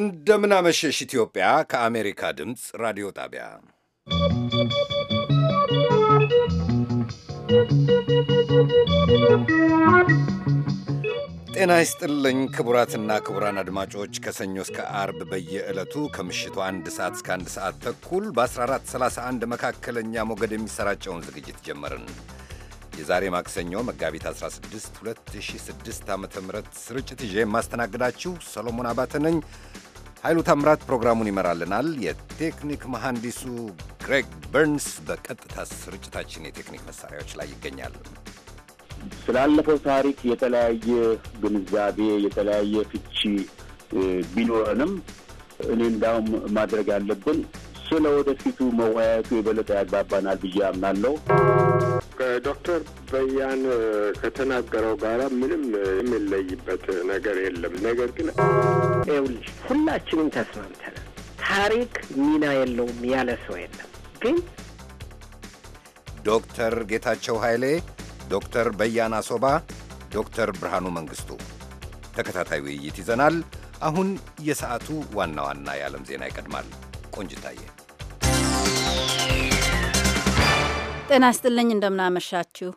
እንደምናመሸሽ ኢትዮጵያ ከአሜሪካ ድምፅ ራዲዮ ጣቢያ ጤና ይስጥልኝ ክቡራትና ክቡራን አድማጮች ከሰኞ እስከ አርብ በየዕለቱ ከምሽቱ አንድ ሰዓት እስከ አንድ ሰዓት ተኩል በ1431 መካከለኛ ሞገድ የሚሰራጨውን ዝግጅት ጀመርን። የዛሬ ማክሰኞ መጋቢት 16 2006 ዓ ም ስርጭት ይዤ የማስተናግዳችሁ ሰሎሞን አባተ ነኝ። ኃይሉ ታምራት ፕሮግራሙን ይመራልናል። የቴክኒክ መሐንዲሱ ግሬግ በርንስ በቀጥታ ስርጭታችን የቴክኒክ መሳሪያዎች ላይ ይገኛል። ስላለፈው ታሪክ የተለያየ ግንዛቤ የተለያየ ፍቺ ቢኖረንም እኔ እንዳውም ማድረግ ያለብን ስለ ወደፊቱ መወያየቱ የበለጠ ያግባባናል ብዬ አምናለሁ። ከዶክተር በያን ከተናገረው ጋራ ምንም የሚለይበት ነገር የለም። ነገር ግን ይኸውልሽ ሁላችንም ተስማምተናል። ታሪክ ሚና የለውም ያለ ሰው የለም። ግን ዶክተር ጌታቸው ኃይሌ፣ ዶክተር በያን አሶባ፣ ዶክተር ብርሃኑ መንግስቱ ተከታታይ ውይይት ይዘናል። አሁን የሰዓቱ ዋና ዋና የዓለም ዜና ይቀድማል። ቆንጅታዬ። ጤና ይስጥልኝ። እንደምናመሻችሁ።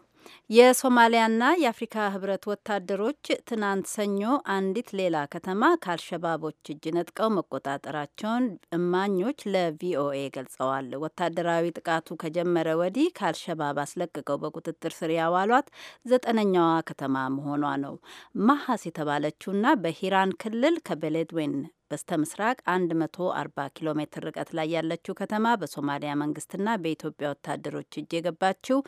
የሶማሊያና የአፍሪካ ህብረት ወታደሮች ትናንት ሰኞ አንዲት ሌላ ከተማ ከአልሸባቦች እጅ ነጥቀው መቆጣጠራቸውን እማኞች ለቪኦኤ ገልጸዋል። ወታደራዊ ጥቃቱ ከጀመረ ወዲህ ከአልሸባብ አስለቅቀው በቁጥጥር ስር ያዋሏት ዘጠነኛዋ ከተማ መሆኗ ነው። ማሐስ የተባለችውና በሂራን ክልል ከበሌድዌን በስተ ምስራቅ 140 ኪሎ ሜትር ርቀት ላይ ያለችው ከተማ በሶማሊያ መንግስትና በኢትዮጵያ ወታደሮች እጅ የገባችው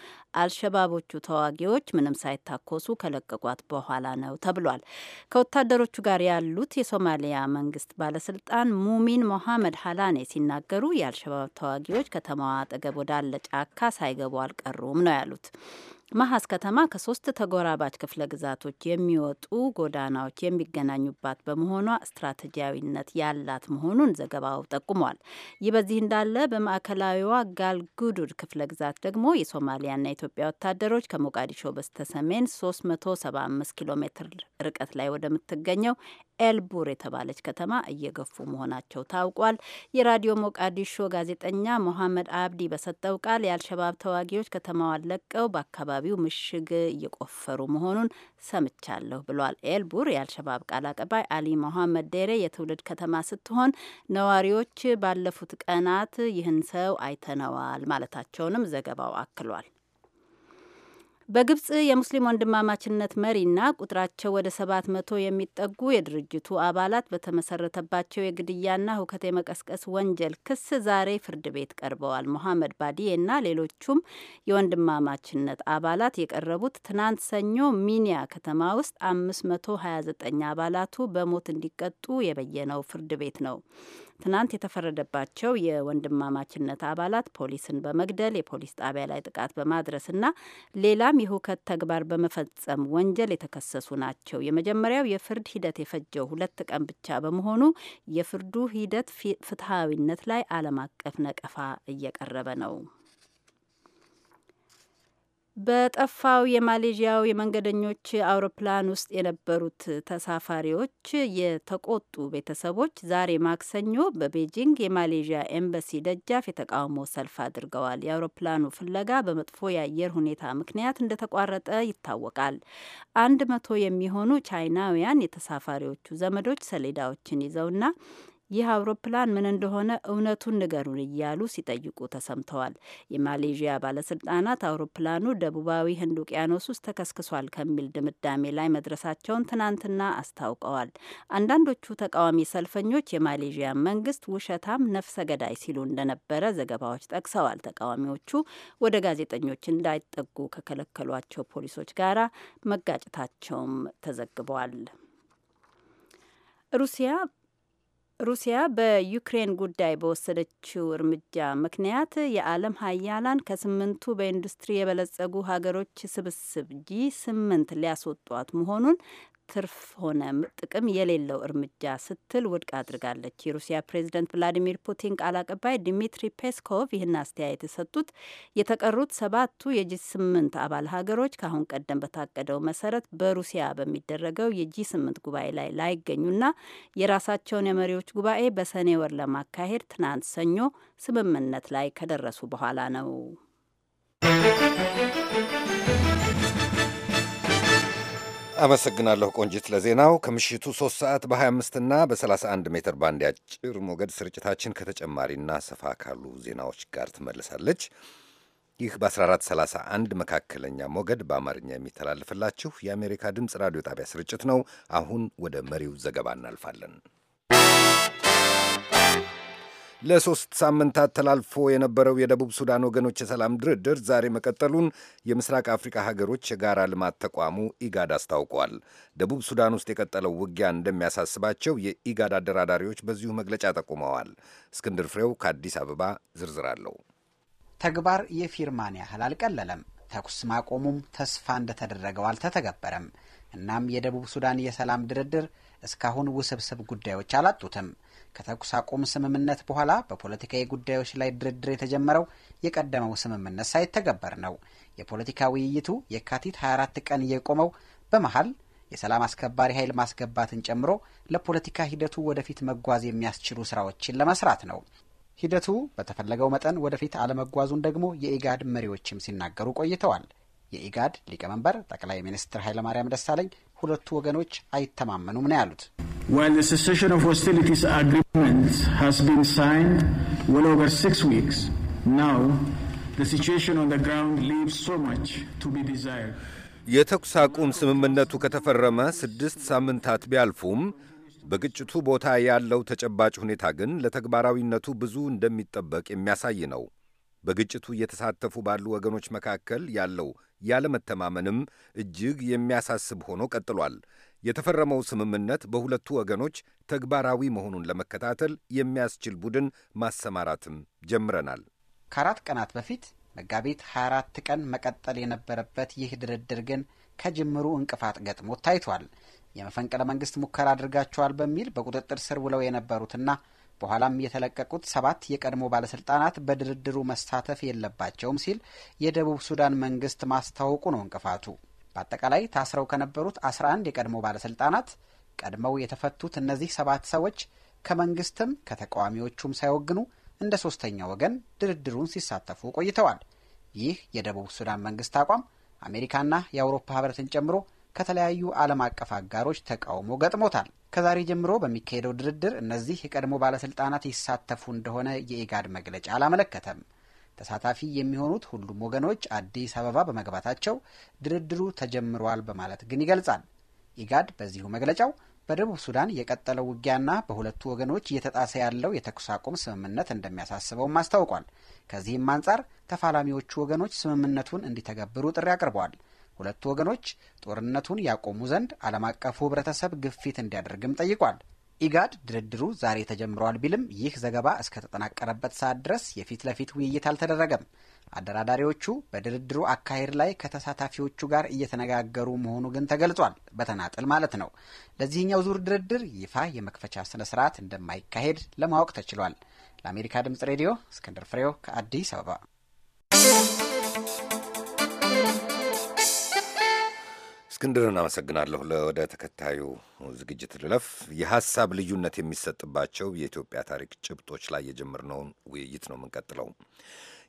አልሸባቦቹ ተዋጊዎች ምንም ሳይታኮሱ ከለቀቋት በኋላ ነው ተብሏል። ከወታደሮቹ ጋር ያሉት የሶማሊያ መንግስት ባለስልጣን ሙሚን ሞሐመድ ሀላኔ ሲናገሩ የአልሸባብ ተዋጊዎች ከተማዋ አጠገብ ወዳለ ጫካ ሳይገቡ አልቀሩም ነው ያሉት። መሀስ ከተማ ከሶስት ተጎራባች ክፍለ ግዛቶች የሚወጡ ጎዳናዎች የሚገናኙባት በመሆኗ ስትራቴጂያዊነት ያላት መሆኑን ዘገባው ጠቁሟል። ይህ በዚህ እንዳለ በማዕከላዊዋ ጋልጉዱድ ክፍለ ግዛት ደግሞ የሶማሊያና የኢትዮጵያ ወታደሮች ከሞቃዲሾ በስተሰሜን 375 ኪሎ ሜትር ርቀት ላይ ወደምትገኘው ኤልቡር የተባለች ከተማ እየገፉ መሆናቸው ታውቋል። የራዲዮ ሞቃዲሾ ጋዜጠኛ ሞሐመድ አብዲ በሰጠው ቃል የአልሸባብ ተዋጊዎች ከተማዋን ለቀው በአካባቢው ምሽግ እየቆፈሩ መሆኑን ሰምቻለሁ ብሏል። ኤልቡር የአልሸባብ ቃል አቀባይ አሊ ሞሐመድ ዴሬ የትውልድ ከተማ ስትሆን ነዋሪዎች ባለፉት ቀናት ይህን ሰው አይተነዋል ማለታቸውንም ዘገባው አክሏል። በግብጽ የሙስሊም ወንድማማችነት መሪና ቁጥራቸው ወደ ሰባት መቶ የሚጠጉ የድርጅቱ አባላት በተመሰረተባቸው የግድያና ሁከት የመቀስቀስ ወንጀል ክስ ዛሬ ፍርድ ቤት ቀርበዋል። ሞሐመድ ባዲዬና ሌሎቹም የወንድማማችነት አባላት የቀረቡት ትናንት ሰኞ ሚኒያ ከተማ ውስጥ ዘጠኝ አባላቱ በሞት እንዲቀጡ የበየነው ፍርድ ቤት ነው። ትናንት የተፈረደባቸው የወንድማማችነት አባላት ፖሊስን በመግደል የፖሊስ ጣቢያ ላይ ጥቃት በማድረስና ሌላም የሁከት ተግባር በመፈጸም ወንጀል የተከሰሱ ናቸው። የመጀመሪያው የፍርድ ሂደት የፈጀው ሁለት ቀን ብቻ በመሆኑ የፍርዱ ሂደት ፍትሐዊነት ላይ ዓለም አቀፍ ነቀፋ እየቀረበ ነው። በጠፋው የማሌዥያው የመንገደኞች አውሮፕላን ውስጥ የነበሩት ተሳፋሪዎች የተቆጡ ቤተሰቦች ዛሬ ማክሰኞ በቤጂንግ የማሌዥያ ኤምባሲ ደጃፍ የተቃውሞ ሰልፍ አድርገዋል። የአውሮፕላኑ ፍለጋ በመጥፎ የአየር ሁኔታ ምክንያት እንደተቋረጠ ይታወቃል። አንድ መቶ የሚሆኑ ቻይናውያን የተሳፋሪዎቹ ዘመዶች ሰሌዳዎችን ይዘውና ይህ አውሮፕላን ምን እንደሆነ እውነቱን ንገሩን እያሉ ሲጠይቁ ተሰምተዋል። የማሌዥያ ባለስልጣናት አውሮፕላኑ ደቡባዊ ህንድ ውቅያኖስ ውስጥ ተከስክሷል ከሚል ድምዳሜ ላይ መድረሳቸውን ትናንትና አስታውቀዋል። አንዳንዶቹ ተቃዋሚ ሰልፈኞች የማሌዥያ መንግስት ውሸታም፣ ነፍሰ ገዳይ ሲሉ እንደነበረ ዘገባዎች ጠቅሰዋል። ተቃዋሚዎቹ ወደ ጋዜጠኞች እንዳይጠጉ ከከለከሏቸው ፖሊሶች ጋር መጋጨታቸውም ተዘግቧል። ሩሲያ ሩሲያ በዩክሬን ጉዳይ በወሰደችው እርምጃ ምክንያት የዓለም ሀያላን ከስምንቱ በኢንዱስትሪ የበለጸጉ ሀገሮች ስብስብ ጂ ስምንት ሊያስወጧት መሆኑን ትርፍ ሆነ ጥቅም የሌለው እርምጃ ስትል ውድቅ አድርጋለች። የሩሲያ ፕሬዚደንት ቭላዲሚር ፑቲን ቃል አቀባይ ዲሚትሪ ፔስኮቭ ይህን አስተያየት የሰጡት የተቀሩት ሰባቱ የጂ ስምንት አባል ሀገሮች ከአሁን ቀደም በታቀደው መሰረት በሩሲያ በሚደረገው የጂ ስምንት ጉባኤ ላይ ላይገኙና የራሳቸውን የመሪዎች ጉባኤ በሰኔ ወር ለማካሄድ ትናንት ሰኞ ስምምነት ላይ ከደረሱ በኋላ ነው። አመሰግናለሁ ቆንጂት ለዜናው። ከምሽቱ 3 ሰዓት በ25 እና በ31 ሜትር ባንድ ያጭር ሞገድ ስርጭታችን ከተጨማሪና ሰፋ ካሉ ዜናዎች ጋር ትመልሳለች። ይህ በ1431 መካከለኛ ሞገድ በአማርኛ የሚተላልፍላችሁ የአሜሪካ ድምፅ ራዲዮ ጣቢያ ስርጭት ነው። አሁን ወደ መሪው ዘገባ እናልፋለን። ለሶስት ሳምንታት ተላልፎ የነበረው የደቡብ ሱዳን ወገኖች የሰላም ድርድር ዛሬ መቀጠሉን የምስራቅ አፍሪካ ሀገሮች የጋራ ልማት ተቋሙ ኢጋድ አስታውቋል። ደቡብ ሱዳን ውስጥ የቀጠለው ውጊያ እንደሚያሳስባቸው የኢጋድ አደራዳሪዎች በዚሁ መግለጫ ጠቁመዋል። እስክንድር ፍሬው ከአዲስ አበባ ዝርዝር አለው። ተግባር የፊርማን ያህል አልቀለለም። ተኩስ ማቆሙም ተስፋ እንደተደረገው አልተተገበረም። እናም የደቡብ ሱዳን የሰላም ድርድር እስካሁን ውስብስብ ጉዳዮች አላጡትም። ከተኩስ አቁም ስምምነት በኋላ በፖለቲካዊ ጉዳዮች ላይ ድርድር የተጀመረው የቀደመው ስምምነት ሳይተገበር ነው። የፖለቲካ ውይይቱ የካቲት 24 ቀን የቆመው በመሃል የሰላም አስከባሪ ኃይል ማስገባትን ጨምሮ ለፖለቲካ ሂደቱ ወደፊት መጓዝ የሚያስችሉ ስራዎችን ለመስራት ነው። ሂደቱ በተፈለገው መጠን ወደፊት አለመጓዙን ደግሞ የኢጋድ መሪዎችም ሲናገሩ ቆይተዋል። የኢጋድ ሊቀመንበር ጠቅላይ ሚኒስትር ኃይለማርያም ደሳለኝ ሁለቱ ወገኖች አይተማመኑም ነው ያሉት። የተኩስ አቁም ስምምነቱ ከተፈረመ ስድስት ሳምንታት ቢያልፉም በግጭቱ ቦታ ያለው ተጨባጭ ሁኔታ ግን ለተግባራዊነቱ ብዙ እንደሚጠበቅ የሚያሳይ ነው። በግጭቱ እየተሳተፉ ባሉ ወገኖች መካከል ያለው ያለመተማመንም እጅግ የሚያሳስብ ሆኖ ቀጥሏል። የተፈረመው ስምምነት በሁለቱ ወገኖች ተግባራዊ መሆኑን ለመከታተል የሚያስችል ቡድን ማሰማራትም ጀምረናል። ከአራት ቀናት በፊት መጋቢት 24 ቀን መቀጠል የነበረበት ይህ ድርድር ግን ከጅምሩ እንቅፋት ገጥሞት ታይቷል። የመፈንቅለ መንግስት ሙከራ አድርጋቸዋል በሚል በቁጥጥር ስር ውለው የነበሩትና በኋላም የተለቀቁት ሰባት የቀድሞ ባለስልጣናት በድርድሩ መሳተፍ የለባቸውም ሲል የደቡብ ሱዳን መንግስት ማስታወቁ ነው እንቅፋቱ። በአጠቃላይ ታስረው ከነበሩት 11 የቀድሞ ባለስልጣናት ቀድመው የተፈቱት እነዚህ ሰባት ሰዎች ከመንግስትም ከተቃዋሚዎቹም ሳይወግኑ እንደ ሶስተኛ ወገን ድርድሩን ሲሳተፉ ቆይተዋል። ይህ የደቡብ ሱዳን መንግስት አቋም አሜሪካና የአውሮፓ ህብረትን ጨምሮ ከተለያዩ ዓለም አቀፍ አጋሮች ተቃውሞ ገጥሞታል። ከዛሬ ጀምሮ በሚካሄደው ድርድር እነዚህ የቀድሞ ባለስልጣናት ይሳተፉ እንደሆነ የኢጋድ መግለጫ አላመለከተም። ተሳታፊ የሚሆኑት ሁሉም ወገኖች አዲስ አበባ በመግባታቸው ድርድሩ ተጀምሯል በማለት ግን ይገልጻል። ኢጋድ በዚሁ መግለጫው በደቡብ ሱዳን የቀጠለው ውጊያና በሁለቱ ወገኖች እየተጣሰ ያለው የተኩስ አቁም ስምምነት እንደሚያሳስበውም አስታውቋል። ከዚህም አንጻር ተፋላሚዎቹ ወገኖች ስምምነቱን እንዲተገብሩ ጥሪ አቅርበዋል። ሁለቱ ወገኖች ጦርነቱን ያቆሙ ዘንድ ዓለም አቀፉ ህብረተሰብ ግፊት እንዲያደርግም ጠይቋል። ኢጋድ ድርድሩ ዛሬ ተጀምረዋል ቢልም ይህ ዘገባ እስከተጠናቀረበት ሰዓት ድረስ የፊት ለፊት ውይይት አልተደረገም። አደራዳሪዎቹ በድርድሩ አካሄድ ላይ ከተሳታፊዎቹ ጋር እየተነጋገሩ መሆኑ ግን ተገልጿል። በተናጥል ማለት ነው። ለዚህኛው ዙር ድርድር ይፋ የመክፈቻ ስነ ስርዓት እንደማይካሄድ ለማወቅ ተችሏል። ለአሜሪካ ድምጽ ሬዲዮ እስክንድር ፍሬው ከአዲስ አበባ እስክንድርን አመሰግናለሁ። ለወደ ተከታዩ ዝግጅት ልለፍ። የሀሳብ ልዩነት የሚሰጥባቸው የኢትዮጵያ ታሪክ ጭብጦች ላይ የጀመርነውን ውይይት ነው የምንቀጥለው።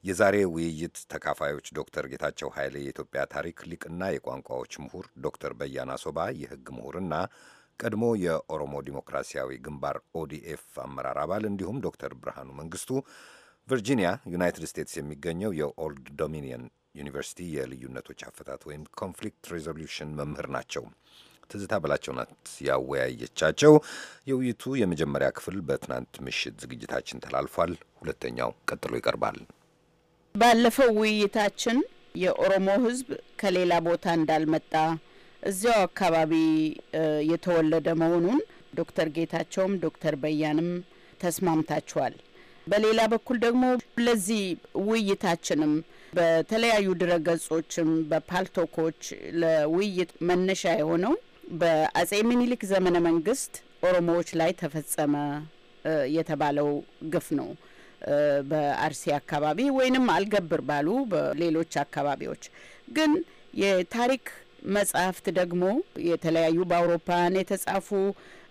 የዛሬ ውይይት ተካፋዮች ዶክተር ጌታቸው ኃይሌ የኢትዮጵያ ታሪክ ሊቅና የቋንቋዎች ምሁር፣ ዶክተር በያና ሶባ የህግ ምሁርና ቀድሞ የኦሮሞ ዲሞክራሲያዊ ግንባር ኦዲኤፍ አመራር አባል እንዲሁም ዶክተር ብርሃኑ መንግስቱ ቨርጂኒያ ዩናይትድ ስቴትስ የሚገኘው የኦልድ ዶሚኒየን ዩኒቨርሲቲ የልዩነቶች አፈታት ወይም ኮንፍሊክት ሬዞሉሽን መምህር ናቸው። ትዝታ በላቸው ናት ያወያየቻቸው። የውይይቱ የመጀመሪያ ክፍል በትናንት ምሽት ዝግጅታችን ተላልፏል። ሁለተኛው ቀጥሎ ይቀርባል። ባለፈው ውይይታችን የኦሮሞ ሕዝብ ከሌላ ቦታ እንዳልመጣ እዚያው አካባቢ የተወለደ መሆኑን ዶክተር ጌታቸውም ዶክተር በያንም ተስማምታችኋል። በሌላ በኩል ደግሞ ለዚህ ውይይታችንም በተለያዩ ድረገጾችም በፓልቶኮች ለውይይት መነሻ የሆነው በአጼ ምኒልክ ዘመነ መንግስት ኦሮሞዎች ላይ ተፈጸመ የተባለው ግፍ ነው። በአርሲ አካባቢ ወይንም አልገብር ባሉ በሌሎች አካባቢዎች ግን የታሪክ መጽሐፍት ደግሞ የተለያዩ በአውሮፓን የተጻፉ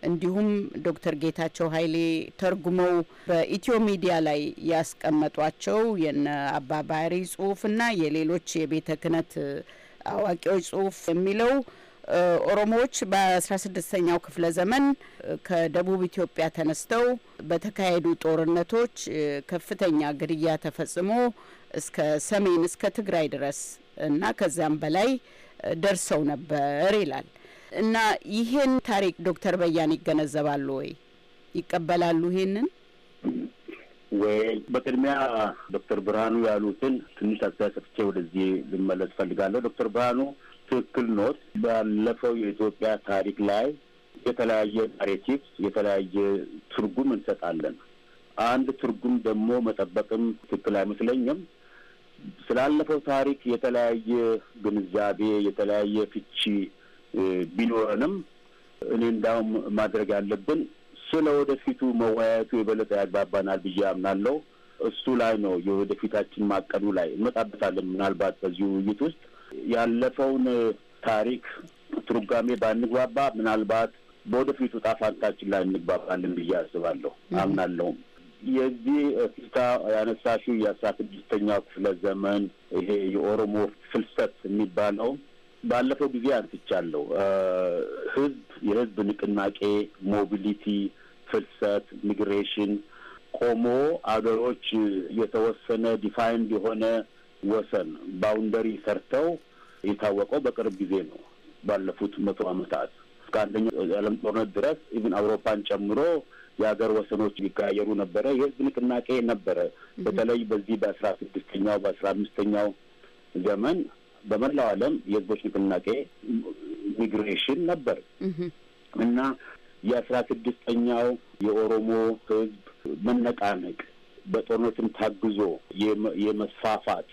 እንዲሁም ዶክተር ጌታቸው ኃይሌ ተርጉመው በኢትዮ ሚዲያ ላይ ያስቀመጧቸው የነ አባባሪ ጽሁፍና የሌሎች የቤተ ክህነት አዋቂዎች ጽሁፍ የሚለው ኦሮሞዎች በ16ኛው ክፍለ ዘመን ከደቡብ ኢትዮጵያ ተነስተው በተካሄዱ ጦርነቶች ከፍተኛ ግድያ ተፈጽሞ እስከ ሰሜን እስከ ትግራይ ድረስ እና ከዚያም በላይ ደርሰው ነበር ይላል። እና ይሄን ታሪክ ዶክተር በያን ይገነዘባሉ ወይ ይቀበላሉ? ይሄንን ወይ በቅድሚያ ዶክተር ብርሃኑ ያሉትን ትንሽ አስተያየት ሰጥቼ ወደዚህ ልመለስ ፈልጋለሁ። ዶክተር ብርሃኑ ትክክል ኖት። ባለፈው የኢትዮጵያ ታሪክ ላይ የተለያየ ናሬቲቭ የተለያየ ትርጉም እንሰጣለን። አንድ ትርጉም ደግሞ መጠበቅም ትክክል አይመስለኝም። ስላለፈው ታሪክ የተለያየ ግንዛቤ የተለያየ ፍቺ ቢኖረንም እኔ እንዳውም ማድረግ ያለብን ስለ ወደፊቱ መወያየቱ የበለጠ ያግባባናል ብዬ አምናለሁ። እሱ ላይ ነው የወደፊታችን ማቀዱ ላይ እንመጣበታለን። ምናልባት በዚህ ውይይት ውስጥ ያለፈውን ታሪክ ትርጓሜ ባንግባባ ምናልባት በወደፊቱ ጣፋንታችን ላይ እንግባባለን ብዬ አስባለሁ አምናለሁም። የዚህ ፊታ ያነሳሽው የአስራ ስድስተኛው ክፍለ ዘመን ይሄ የኦሮሞ ፍልሰት የሚባለው ባለፈው ጊዜ አንስቻለሁ። ህዝብ የህዝብ ንቅናቄ ሞቢሊቲ፣ ፍልሰት፣ ሚግሬሽን ቆሞ አገሮች የተወሰነ ዲፋይንድ የሆነ ወሰን ባውንደሪ ሰርተው የታወቀው በቅርብ ጊዜ ነው። ባለፉት መቶ ዓመታት እስከ አንደኛው የዓለም ጦርነት ድረስ ኢቭን አውሮፓን ጨምሮ የሀገር ወሰኖች ሊቀያየሩ ነበረ። የህዝብ ንቅናቄ ነበረ። በተለይ በዚህ በአስራ ስድስተኛው በአስራ አምስተኛው ዘመን በመላው ዓለም የህዝቦች ንቅናቄ ሚግሬሽን ነበር እና የአስራ ስድስተኛው የኦሮሞ ህዝብ መነቃነቅ በጦርነትም ታግዞ የመስፋፋት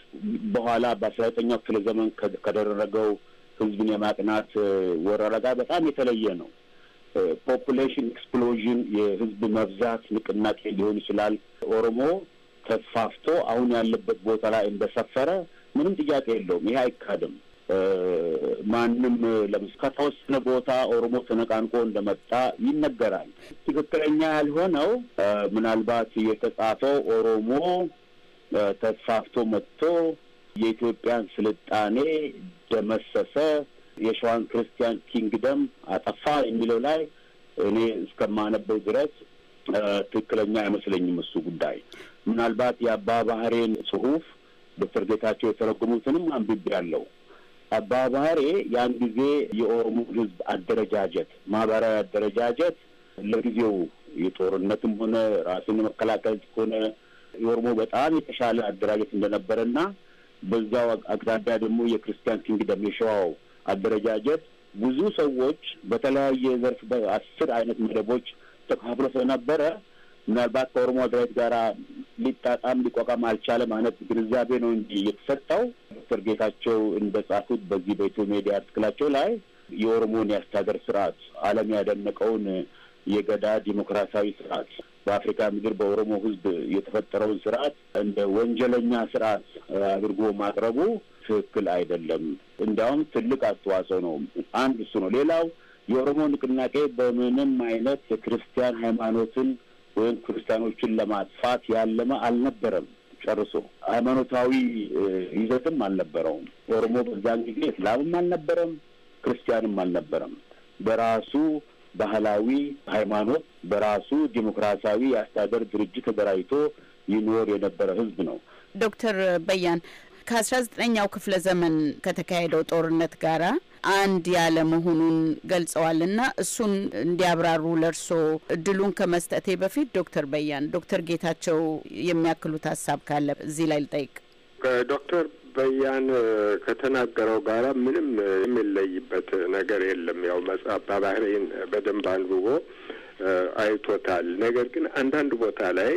በኋላ በአስራ ዘጠኛው ክፍለ ዘመን ከደረገው ህዝብን የማቅናት ወረራ ጋር በጣም የተለየ ነው። ፖፑሌሽን ኤክስፕሎዥን የህዝብ መብዛት ንቅናቄ ሊሆን ይችላል። ኦሮሞ ተስፋፍቶ አሁን ያለበት ቦታ ላይ እንደሰፈረ ምንም ጥያቄ የለውም። ይሄ አይካድም። ማንም ለምስ ከተወሰነ ቦታ ኦሮሞ ተነቃንቆ እንደመጣ ይነገራል። ትክክለኛ ያልሆነው ምናልባት የተጻፈው ኦሮሞ ተስፋፍቶ መጥቶ የኢትዮጵያን ስልጣኔ ደመሰሰ፣ የሸዋን ክርስቲያን ኪንግደም አጠፋ የሚለው ላይ እኔ እስከማነበው ድረስ ትክክለኛ አይመስለኝም። እሱ ጉዳይ ምናልባት የአባ ባህሬን ጽሁፍ ዶክተር ጌታቸው የተረጉሙትንም አንብቤ ያለው አባባሬ ያን ጊዜ የኦሮሞ ህዝብ አደረጃጀት ማህበራዊ አደረጃጀት ለጊዜው የጦርነትም ሆነ ራስን መከላከል ሆነ የኦሮሞ በጣም የተሻለ አደራጀት እንደነበረና በዛው አቅራቢያ ደግሞ የክርስቲያን ኪንግደም የሸዋው አደረጃጀት ብዙ ሰዎች በተለያየ ዘርፍ በአስር አይነት መደቦች ተካፍሎ ስለነበረ ምናልባት ከኦሮሞ አደራጀት ጋራ ሊጣጣም ሊቋቋም አልቻለም አይነት ግንዛቤ ነው እንጂ የተሰጠው። ዶክተር ጌታቸው እንደጻፉት በዚህ በኢትዮ ሜዲያ አርትክላቸው ላይ የኦሮሞን የአስተዳደር ስርዓት ዓለም ያደነቀውን የገዳ ዲሞክራሲያዊ ስርዓት በአፍሪካ ምድር በኦሮሞ ህዝብ የተፈጠረውን ስርዓት እንደ ወንጀለኛ ስርዓት አድርጎ ማቅረቡ ትክክል አይደለም። እንዲያውም ትልቅ አስተዋጽኦ ነው። አንድ እሱ ነው። ሌላው የኦሮሞ ንቅናቄ በምንም አይነት የክርስቲያን ሃይማኖትን ወይም ክርስቲያኖችን ለማጥፋት ያለመ አልነበረም። ጨርሶ ሃይማኖታዊ ይዘትም አልነበረውም። ኦሮሞ በዛን ጊዜ እስላምም አልነበረም፣ ክርስቲያንም አልነበረም። በራሱ ባህላዊ ሃይማኖት፣ በራሱ ዲሞክራሲያዊ የአስተዳደር ድርጅት ተደራጅቶ ይኖር የነበረ ህዝብ ነው። ዶክተር በያን ከአስራ ዘጠነኛው ክፍለ ዘመን ከተካሄደው ጦርነት ጋራ አንድ ያለ መሆኑን ገልጸዋልና እሱን እንዲያብራሩ ለርሶ እድሉን ከመስጠቴ በፊት ዶክተር በያን ዶክተር ጌታቸው የሚያክሉት ሀሳብ ካለ እዚህ ላይ ልጠይቅ። ዶክተር በያን ከተናገረው ጋራ ምንም የሚለይበት ነገር የለም። ያው መጽሐፍ በባህሬን በደንብ አንብቦ አይቶታል። ነገር ግን አንዳንድ ቦታ ላይ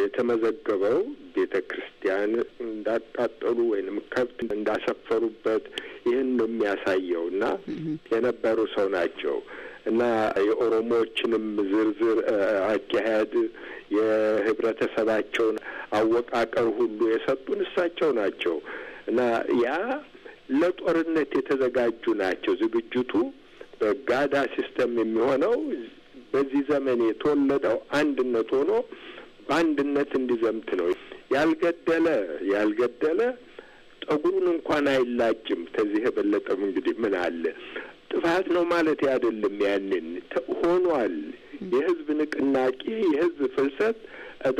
የተመዘገበው ቤተ ክርስቲያን እንዳቃጠሉ ወይንም ከብት እንዳሰፈሩበት ይህን ነው የሚያሳየው እና የነበሩ ሰው ናቸው እና የኦሮሞዎችንም ዝርዝር አካሄድ የህብረተሰባቸውን አወቃቀር ሁሉ የሰጡን እሳቸው ናቸው እና ያ ለጦርነት የተዘጋጁ ናቸው። ዝግጅቱ በጋዳ ሲስተም የሚሆነው በዚህ ዘመን የተወለደው አንድነት ሆኖ በአንድነት እንዲዘምት ነው። ያልገደለ ያልገደለ ጠጉሩን እንኳን አይላጭም። ከዚህ የበለጠም እንግዲህ ምን አለ? ጥፋት ነው ማለት አይደለም። ያንን ሆኗል። የህዝብ ንቅናቄ የህዝብ ፍልሰት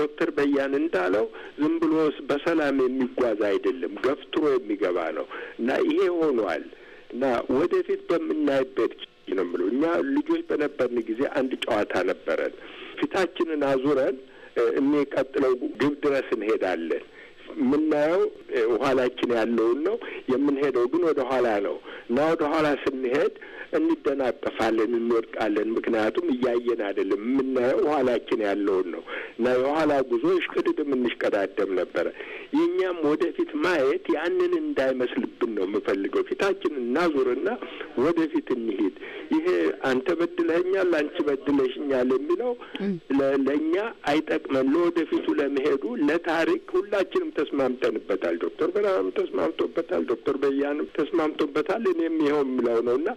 ዶክተር በያን እንዳለው ዝም ብሎ በሰላም የሚጓዝ አይደለም፣ ገፍትሮ የሚገባ ነው እና ይሄ ሆኗል እና ወደፊት በምናይበት ነው የምለው እኛ ልጆች በነበርን ጊዜ አንድ ጨዋታ ነበረን ፊታችንን አዙረን የሚቀጥለው ግብ ድረስ እንሄዳለን። የምናየው ኋላችን ያለውን ነው። የምንሄደው ግን ወደ ኋላ ነው እና ወደ ኋላ ስንሄድ እንደናጠፋለን እንወድቃለን። ምክንያቱም እያየን አይደለም። የምናየው ኋላችን ያለውን ነው እና የኋላ ጉዞ እሽቅድድም እንሽቀዳደም ነበረ። የእኛም ወደፊት ማየት ያንን እንዳይመስልብን ነው የምፈልገው። ፊታችን እናዙርና ወደፊት እንሄድ። ይሄ አንተ በድለኛል፣ አንቺ በድለሽኛል የሚለው ለእኛ አይጠቅመን። ለወደፊቱ ለመሄዱ ለታሪክ ሁላችንም ተስማምተንበታል። ዶክተር በጣም ተስማምቶበታል። ዶክተር በያንም ተስማምቶበታል። እኔም ይኸው የምለው ነው እና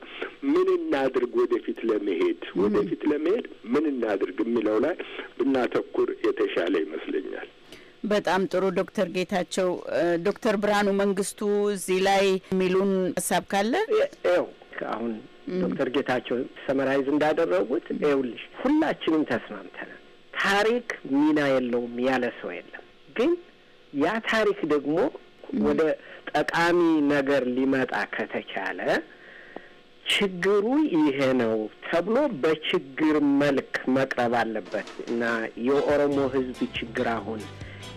ምን እናድርግ ወደፊት ለመሄድ ወደፊት ለመሄድ ምን እናድርግ የሚለው ላይ ብናተኩር የተሻለ ይመስለኛል። በጣም ጥሩ ዶክተር ጌታቸው። ዶክተር ብርሃኑ መንግስቱ እዚህ ላይ የሚሉን ሀሳብ ካለ ው አሁን ዶክተር ጌታቸው ሰመራይዝ እንዳደረጉት ይውልሽ ሁላችንም ተስማምተናል። ታሪክ ሚና የለውም ያለ ሰው የለም። ግን ያ ታሪክ ደግሞ ወደ ጠቃሚ ነገር ሊመጣ ከተቻለ ችግሩ ይሄ ነው ተብሎ በችግር መልክ መቅረብ አለበት እና የኦሮሞ ህዝብ ችግር አሁን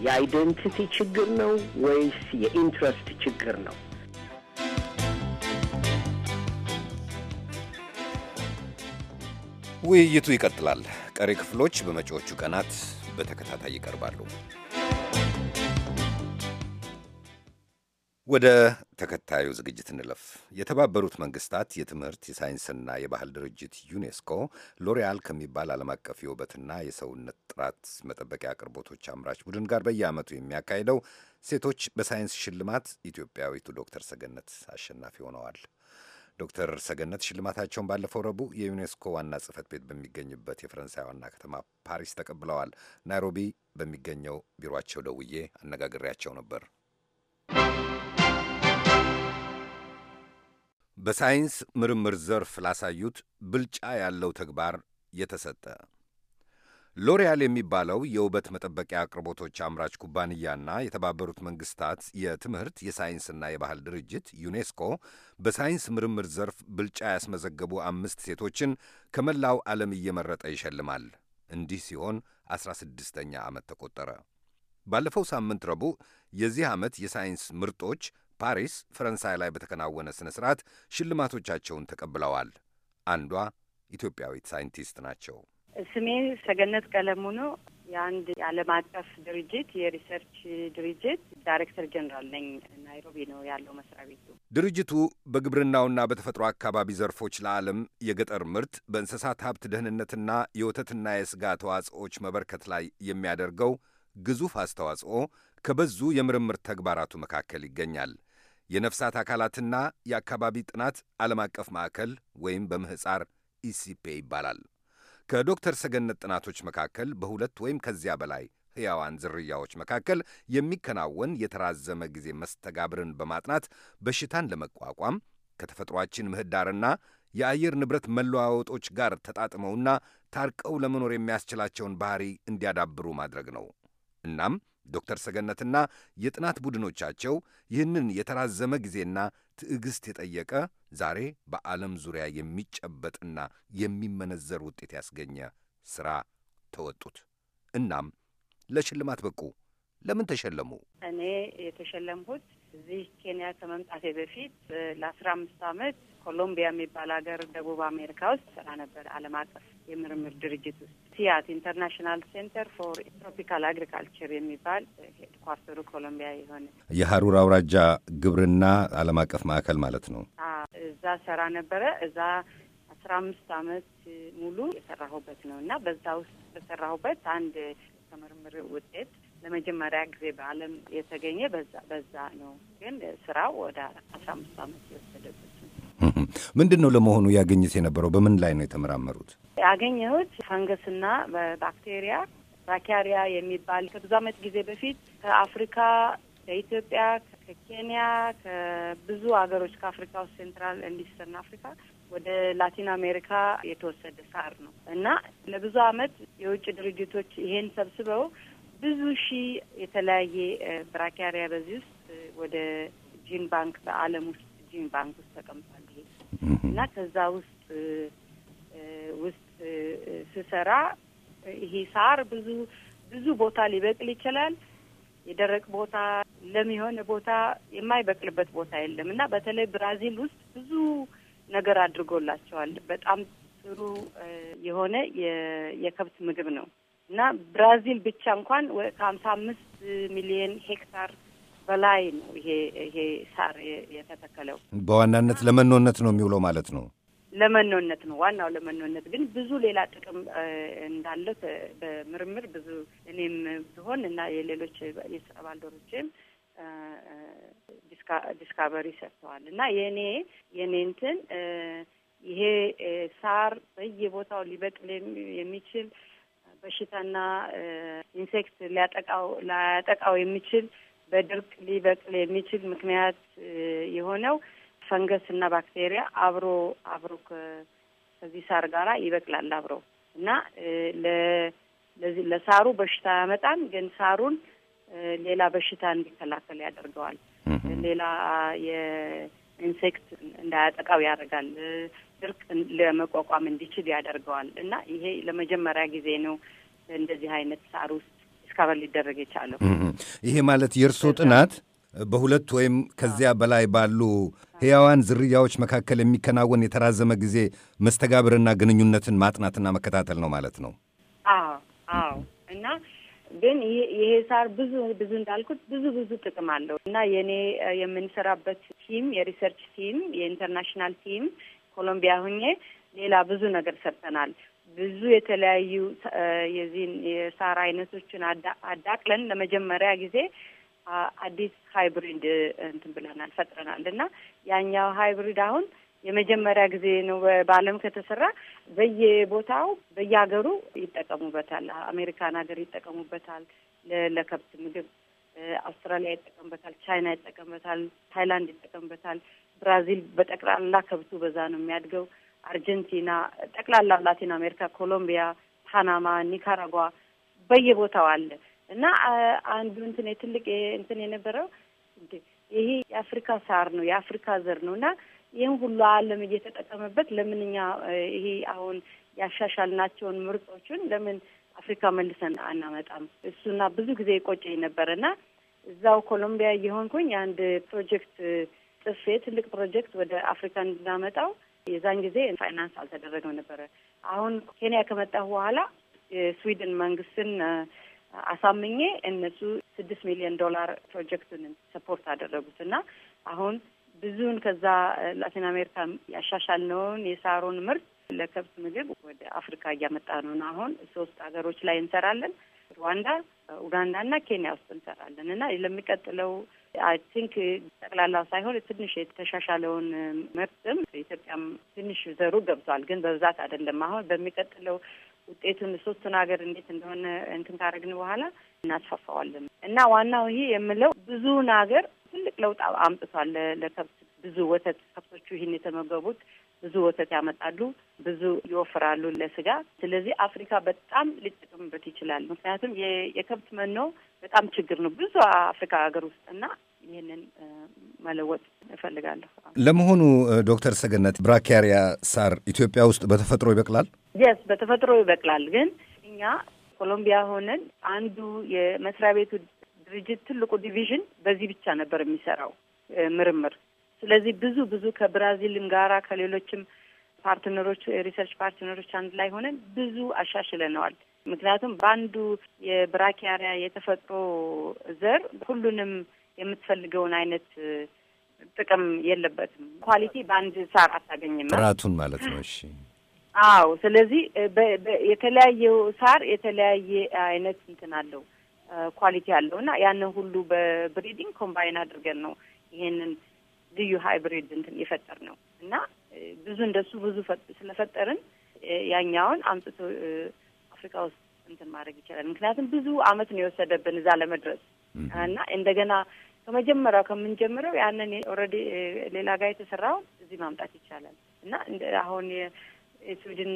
የአይደንቲቲ ችግር ነው ወይስ የኢንትረስት ችግር ነው? ውይይቱ ይቀጥላል። ቀሪ ክፍሎች በመጪዎቹ ቀናት በተከታታይ ይቀርባሉ። ወደ ተከታዩ ዝግጅት እንለፍ። የተባበሩት መንግስታት የትምህርት የሳይንስና የባህል ድርጅት ዩኔስኮ ሎሪያል ከሚባል ዓለም አቀፍ የውበትና የሰውነት ጥራት መጠበቂያ አቅርቦቶች አምራች ቡድን ጋር በየዓመቱ የሚያካሂደው ሴቶች በሳይንስ ሽልማት ኢትዮጵያዊቱ ዶክተር ሰገነት አሸናፊ ሆነዋል። ዶክተር ሰገነት ሽልማታቸውን ባለፈው ረቡዕ የዩኔስኮ ዋና ጽህፈት ቤት በሚገኝበት የፈረንሳይ ዋና ከተማ ፓሪስ ተቀብለዋል። ናይሮቢ በሚገኘው ቢሮቸው ደውዬ አነጋግሬያቸው ነበር። በሳይንስ ምርምር ዘርፍ ላሳዩት ብልጫ ያለው ተግባር የተሰጠ ሎሪያል የሚባለው የውበት መጠበቂያ አቅርቦቶች አምራች ኩባንያና የተባበሩት መንግስታት የትምህርት የሳይንስና የባህል ድርጅት ዩኔስኮ በሳይንስ ምርምር ዘርፍ ብልጫ ያስመዘገቡ አምስት ሴቶችን ከመላው ዓለም እየመረጠ ይሸልማል። እንዲህ ሲሆን አስራ ስድስተኛ ዓመት ተቆጠረ። ባለፈው ሳምንት ረቡዕ የዚህ ዓመት የሳይንስ ምርጦች ፓሪስ፣ ፈረንሳይ ላይ በተከናወነ ሥነ ሥርዓት ሽልማቶቻቸውን ተቀብለዋል። አንዷ ኢትዮጵያዊት ሳይንቲስት ናቸው። ስሜ ሰገነት ቀለሙ ነው። የአንድ የዓለም አቀፍ ድርጅት የሪሰርች ድርጅት ዳይሬክተር ጀኔራል ነኝ። ናይሮቢ ነው ያለው መስሪያ ቤቱ። ድርጅቱ በግብርናውና በተፈጥሮ አካባቢ ዘርፎች ለዓለም የገጠር ምርት በእንስሳት ሀብት ደህንነትና የወተትና የስጋ ተዋጽኦች መበርከት ላይ የሚያደርገው ግዙፍ አስተዋጽኦ ከበዙ የምርምር ተግባራቱ መካከል ይገኛል። የነፍሳት አካላትና የአካባቢ ጥናት ዓለም አቀፍ ማዕከል ወይም በምህፃር ኢሲፔ ይባላል። ከዶክተር ሰገነት ጥናቶች መካከል በሁለት ወይም ከዚያ በላይ ሕያዋን ዝርያዎች መካከል የሚከናወን የተራዘመ ጊዜ መስተጋብርን በማጥናት በሽታን ለመቋቋም ከተፈጥሯችን ምህዳርና የአየር ንብረት መለዋወጦች ጋር ተጣጥመውና ታርቀው ለመኖር የሚያስችላቸውን ባህሪ እንዲያዳብሩ ማድረግ ነው። እናም ዶክተር ሰገነትና የጥናት ቡድኖቻቸው ይህንን የተራዘመ ጊዜና ትዕግሥት የጠየቀ ዛሬ በዓለም ዙሪያ የሚጨበጥና የሚመነዘር ውጤት ያስገኘ ሥራ ተወጡት። እናም ለሽልማት በቁ። ለምን ተሸለሙ? እኔ የተሸለምሁት እዚህ ኬንያ ከመምጣቴ በፊት ለአስራ አምስት ዓመት ኮሎምቢያ የሚባል ሀገር ደቡብ አሜሪካ ውስጥ ስራ ነበር። ዓለም አቀፍ የምርምር ድርጅት ውስጥ ሲያት ኢንተርናሽናል ሴንተር ፎር ትሮፒካል አግሪካልቸር የሚባል ሄድኳርተሩ ኮሎምቢያ የሆነ የሀሩር አውራጃ ግብርና ዓለም አቀፍ ማዕከል ማለት ነው። እዛ ስራ ነበረ። እዛ አስራ አምስት አመት ሙሉ የሰራሁበት ነው እና በዛ ውስጥ በሰራሁበት አንድ ከምርምር ውጤት ለመጀመሪያ ጊዜ በዓለም የተገኘ በዛ በዛ ነው። ግን ስራው ወደ አስራ አምስት አመት የወሰደበት ምንድን ነው ለመሆኑ ያገኘት የነበረው? በምን ላይ ነው የተመራመሩት? ያገኘሁት ፈንገስና ባክቴሪያ ራኪያሪያ የሚባል ከብዙ ዓመት ጊዜ በፊት ከአፍሪካ ከኢትዮጵያ፣ ከኬንያ፣ ከብዙ ሀገሮች ከአፍሪካ ውስጥ ሴንትራል ኤንድ ኢስተርን አፍሪካ ወደ ላቲን አሜሪካ የተወሰደ ሳር ነው እና ለብዙ ዓመት የውጭ ድርጅቶች ይሄን ሰብስበው ብዙ ሺህ የተለያየ ብራኪያሪያ በዚህ ውስጥ ወደ ጂን ባንክ በዓለም ውስጥ ጂን ባንክ ውስጥ ተቀምጧል። እና ከዛ ውስጥ ውስጥ ስሰራ ይሄ ሳር ብዙ ብዙ ቦታ ሊበቅል ይችላል። የደረቅ ቦታ ለሚሆን ቦታ የማይበቅልበት ቦታ የለም እና በተለይ ብራዚል ውስጥ ብዙ ነገር አድርጎላቸዋል። በጣም ጥሩ የሆነ የከብት ምግብ ነው እና ብራዚል ብቻ እንኳን ከሀምሳ አምስት ሚሊዮን ሄክታር በላይ ነው ይሄ ይሄ ሳር የተተከለው። በዋናነት ለመኖነት ነው የሚውለው ማለት ነው። ለመኖነት ነው ዋናው ለመኖነት ግን ብዙ ሌላ ጥቅም እንዳለት በምርምር ብዙ እኔም ብሆን እና የሌሎች የስራ ባልደረቦቼም ዲስካቨሪ ሰርተዋል እና የእኔ የእኔ እንትን ይሄ ሳር በየቦታው ሊበቅል የሚችል በሽታና ኢንሴክት ሊያጠቃው ላያጠቃው የሚችል በድርቅ ሊበቅል የሚችል ምክንያት የሆነው ፈንገስ እና ባክቴሪያ አብሮ አብሮ ከዚህ ሳር ጋራ ይበቅላል አብሮ እና ለሳሩ በሽታ ያመጣን፣ ግን ሳሩን ሌላ በሽታ እንዲከላከል ያደርገዋል። ሌላ የኢንሴክት እንዳያጠቃው ያደርጋል። ድርቅ ለመቋቋም እንዲችል ያደርገዋል። እና ይሄ ለመጀመሪያ ጊዜ ነው እንደዚህ አይነት ሳር ውስጥ ዲስካቨር ሊደረግ የቻለው። ይሄ ማለት የእርሶ ጥናት በሁለት ወይም ከዚያ በላይ ባሉ ሕያዋን ዝርያዎች መካከል የሚከናወን የተራዘመ ጊዜ መስተጋብርና ግንኙነትን ማጥናትና መከታተል ነው ማለት ነው። አዎ አዎ። እና ግን ይሄ ሳር ብዙ ብዙ እንዳልኩት ብዙ ብዙ ጥቅም አለው እና የእኔ የምንሰራበት ቲም የሪሰርች ቲም የኢንተርናሽናል ቲም ኮሎምቢያ ሁኜ ሌላ ብዙ ነገር ሰርተናል። ብዙ የተለያዩ የዚህን የሳር አይነቶችን አዳቅለን ለመጀመሪያ ጊዜ አዲስ ሃይብሪድ እንትን ብለናል ፈጥረናል እና ያኛው ሃይብሪድ አሁን የመጀመሪያ ጊዜ ነው በዓለም ከተሰራ በየቦታው በየሀገሩ ይጠቀሙበታል። አሜሪካን ሀገር ይጠቀሙበታል፣ ለከብት ምግብ አውስትራሊያ ይጠቀምበታል፣ ቻይና ይጠቀምበታል፣ ታይላንድ ይጠቀምበታል፣ ብራዚል በጠቅላላ ከብቱ በዛ ነው የሚያድገው። አርጀንቲና፣ ጠቅላላ ላቲን አሜሪካ፣ ኮሎምቢያ፣ ፓናማ፣ ኒካራጓ በየቦታው አለ እና አንዱ እንትን ትልቅ እንትን የነበረው ይሄ የአፍሪካ ሳር ነው የአፍሪካ ዘር ነው እና ይህም ሁሉ ዓለም እየተጠቀመበት ለምን እኛ ይሄ አሁን ያሻሻልናቸውን ምርጦችን ለምን አፍሪካ መልሰን አናመጣም? እሱና ብዙ ጊዜ ቆጨኝ ነበር እና እዛው ኮሎምቢያ እየሆንኩኝ አንድ ፕሮጀክት ጽፌ ትልቅ ፕሮጀክት ወደ አፍሪካ እንድናመጣው የዛን ጊዜ ፋይናንስ አልተደረገም ነበረ። አሁን ኬንያ ከመጣሁ በኋላ የስዊድን መንግስትን አሳምኜ እነሱ ስድስት ሚሊዮን ዶላር ፕሮጀክቱን ሰፖርት አደረጉት እና አሁን ብዙውን ከዛ ላቲን አሜሪካ ያሻሻልነውን የሳሮን ምርት ለከብት ምግብ ወደ አፍሪካ እያመጣ ነው አሁን ሶስት ሀገሮች ላይ እንሰራለን። ሩዋንዳ፣ ኡጋንዳ እና ኬንያ ውስጥ እንሰራለን እና ለሚቀጥለው አይ ቲንክ ጠቅላላ ሳይሆን ትንሽ የተሻሻለውን መብትም ኢትዮጵያም ትንሽ ዘሩ ገብቷል፣ ግን በብዛት አይደለም። አሁን በሚቀጥለው ውጤቱን ሶስቱን ሀገር እንዴት እንደሆነ እንትን ካደረግን በኋላ እናስፋፋዋለን እና ዋናው ይሄ የምለው ብዙውን ሀገር ትልቅ ለውጥ አምጥቷል። ለከብት ብዙ ወተት ከብቶቹ ይህን የተመገቡት ብዙ ወተት ያመጣሉ፣ ብዙ ይወፍራሉ ለስጋ። ስለዚህ አፍሪካ በጣም ሊጠቀምበት ይችላል። ምክንያቱም የከብት መኖ በጣም ችግር ነው ብዙ አፍሪካ ሀገር ውስጥ እና ይህንን መለወጥ እፈልጋለሁ። ለመሆኑ ዶክተር ሰገነት ብራኪያሪያ ሳር ኢትዮጵያ ውስጥ በተፈጥሮ ይበቅላል? የስ በተፈጥሮ ይበቅላል። ግን እኛ ኮሎምቢያ ሆነን አንዱ የመስሪያ ቤቱ ድርጅት ትልቁ ዲቪዥን በዚህ ብቻ ነበር የሚሰራው ምርምር። ስለዚህ ብዙ ብዙ ከብራዚልም ጋራ ከሌሎችም ፓርትነሮች የሪሰርች ፓርትነሮች አንድ ላይ ሆነን ብዙ አሻሽለነዋል። ምክንያቱም በአንዱ የብራኪያሪያ የተፈጥሮ ዘር ሁሉንም የምትፈልገውን አይነት ጥቅም የለበትም። ኳሊቲ በአንድ ሳር አታገኝም፣ ጥራቱን ማለት ነው። እሺ፣ አዎ። ስለዚህ የተለያየው ሳር የተለያየ አይነት እንትን አለው ኳሊቲ አለው እና ያንን ሁሉ በብሪዲንግ ኮምባይን አድርገን ነው ይሄንን ልዩ ሃይብሪድ እንትን የፈጠር ነው እና ብዙ እንደሱ ብዙ ስለፈጠርን ያኛውን አምጥቶ አፍሪካ ውስጥ እንትን ማድረግ ይቻላል። ምክንያቱም ብዙ አመት ነው የወሰደብን እዛ ለመድረስ እና እንደገና ከመጀመሪያው ከምንጀምረው ያንን ኦልሬዲ ሌላ ጋር የተሰራውን እዚህ ማምጣት ይቻላል እና አሁን የስዊድን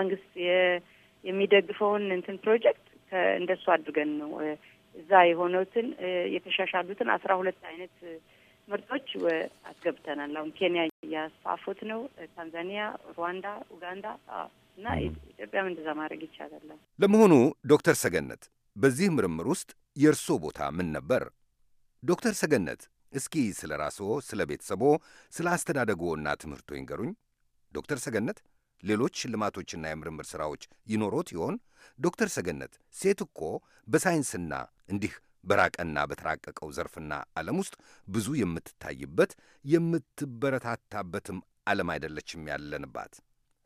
መንግስት የሚደግፈውን እንትን ፕሮጀክት እንደሱ አድርገን ነው እዛ የሆነትን የተሻሻሉትን አስራ ሁለት አይነት ምርቶች አስገብተናል። አሁን ኬንያ እያስፋፉት ነው። ታንዛኒያ፣ ሩዋንዳ፣ ኡጋንዳ እና ኢትዮጵያም እንደዛ ማድረግ ይቻላል። ለመሆኑ ዶክተር ሰገነት በዚህ ምርምር ውስጥ የእርሶ ቦታ ምን ነበር? ዶክተር ሰገነት እስኪ ስለ ራስዎ፣ ስለ ቤተሰቦ፣ ስለ አስተዳደጎና ትምህርቶ ይንገሩኝ። ዶክተር ሰገነት ሌሎች ሽልማቶችና የምርምር ሥራዎች ይኖሮት ይሆን? ዶክተር ሰገነት ሴት እኮ በሳይንስና እንዲህ በራቀና በተራቀቀው ዘርፍና ዓለም ውስጥ ብዙ የምትታይበት የምትበረታታበትም ዓለም አይደለችም ያለንባት።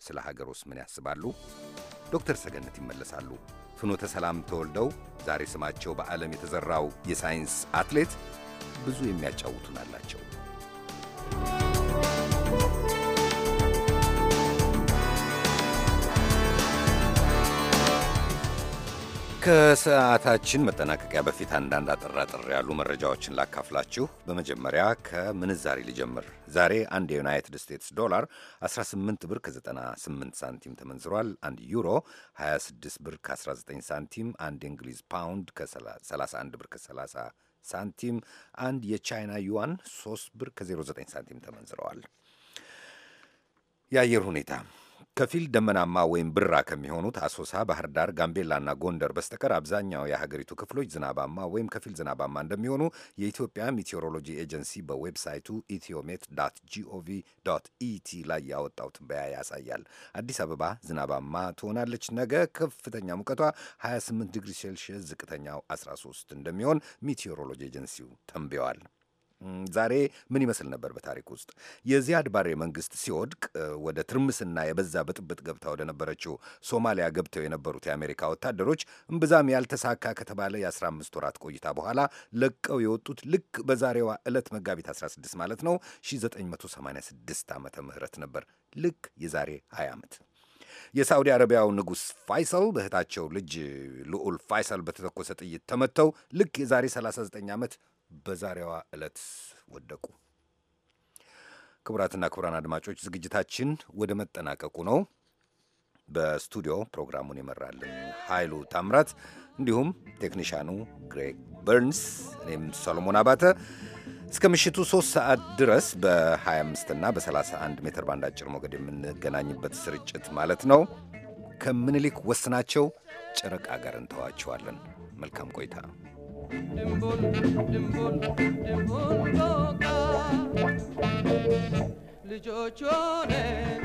ስለ ሀገር ውስጥ ምን ያስባሉ? ዶክተር ሰገነት ይመለሳሉ። ፍኖተ ሰላም ተወልደው ዛሬ ስማቸው በዓለም የተዘራው የሳይንስ አትሌት ብዙ የሚያጫውቱን አላቸው። ከሰዓታችን መጠናቀቂያ በፊት አንዳንድ አጠራጥር ያሉ መረጃዎችን ላካፍላችሁ። በመጀመሪያ ከምንዛሪ ልጀምር። ዛሬ አንድ የዩናይትድ ስቴትስ ዶላር 18 ብር ከ98 ሳንቲም ተመንዝሯል። አንድ ዩሮ 26 ብር ከ19 ሳንቲም፣ አንድ የእንግሊዝ ፓውንድ ከ31 ብር ከ30 ሳንቲም፣ አንድ የቻይና ዩዋን 3 ብር ከ09 ሳንቲም ተመንዝረዋል። የአየር ሁኔታ ከፊል ደመናማ ወይም ብራ ከሚሆኑት አሶሳ፣ ባህር ዳር፣ ጋምቤላና ጎንደር በስተቀር አብዛኛው የሀገሪቱ ክፍሎች ዝናባማ ወይም ከፊል ዝናባማ እንደሚሆኑ የኢትዮጵያ ሚቴዎሮሎጂ ኤጀንሲ በዌብሳይቱ ኢትዮሜት ዶት ጂኦቪ ዶት ኢቲ ላይ ያወጣው ትንበያ ያሳያል። አዲስ አበባ ዝናባማ ትሆናለች። ነገ ከፍተኛ ሙቀቷ 28 ዲግሪ ሴልሺየስ፣ ዝቅተኛው 13 እንደሚሆን ሚቴዎሮሎጂ ኤጀንሲው ተንብየዋል። ዛሬ ምን ይመስል ነበር? በታሪክ ውስጥ የዚያድ ባሬ መንግስት ሲወድቅ ወደ ትርምስና የበዛ ብጥብጥ ገብታ ወደ ነበረችው ሶማሊያ ገብተው የነበሩት የአሜሪካ ወታደሮች እምብዛም ያልተሳካ ከተባለ የ15 ወራት ቆይታ በኋላ ለቀው የወጡት ልክ በዛሬዋ ዕለት መጋቢት 16 ማለት ነው 1986 ዓመተ ምህረት ነበር። ልክ የዛሬ 20 ዓመት የሳዑዲ አረቢያው ንጉሥ ፋይሰል በእህታቸው ልጅ ልዑል ፋይሰል በተተኮሰ ጥይት ተመተው ልክ የዛሬ 39 ዓመት በዛሬዋ ዕለት ወደቁ። ክቡራትና ክቡራን አድማጮች ዝግጅታችን ወደ መጠናቀቁ ነው። በስቱዲዮ ፕሮግራሙን የመራልን ኃይሉ ታምራት፣ እንዲሁም ቴክኒሻኑ ግሬግ በርንስ፣ እኔም ሰሎሞን አባተ እስከ ምሽቱ ሶስት ሰዓት ድረስ በ25 እና በ31 ሜትር ባንድ አጭር ሞገድ የምንገናኝበት ስርጭት ማለት ነው። ከምንሊክ ወስናቸው ጨረቃ ጋር እንተዋቸዋለን። መልካም ቆይታ። ልጆች ሆነን